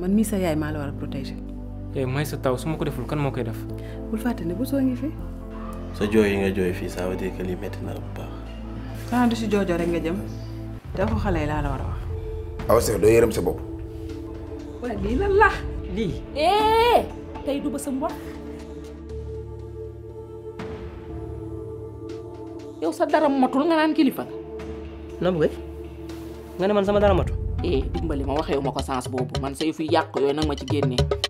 man mii sa yaay maa la war a protéger. yow may sa taw su ma ko deful kan moo koy def. bul fàtte ne bu soo ngi fi. sa jooy yi nga jooy fii ça veut dire que lii métti na bu baax. xanaa du si joojoo rek nga jëm te waxu xale yi laa la war a wax. aw Seck doo yërëm sa bopp. waaye lii lan la lii. tey du ba sa mbokk. yow sa dara matul nga naan kilifa. na bëgg nga ne man sama dara matul. eh dimbali ma waxewu ma ko sens boobu man sa yu fi yàq yooyu nag ma ci génnee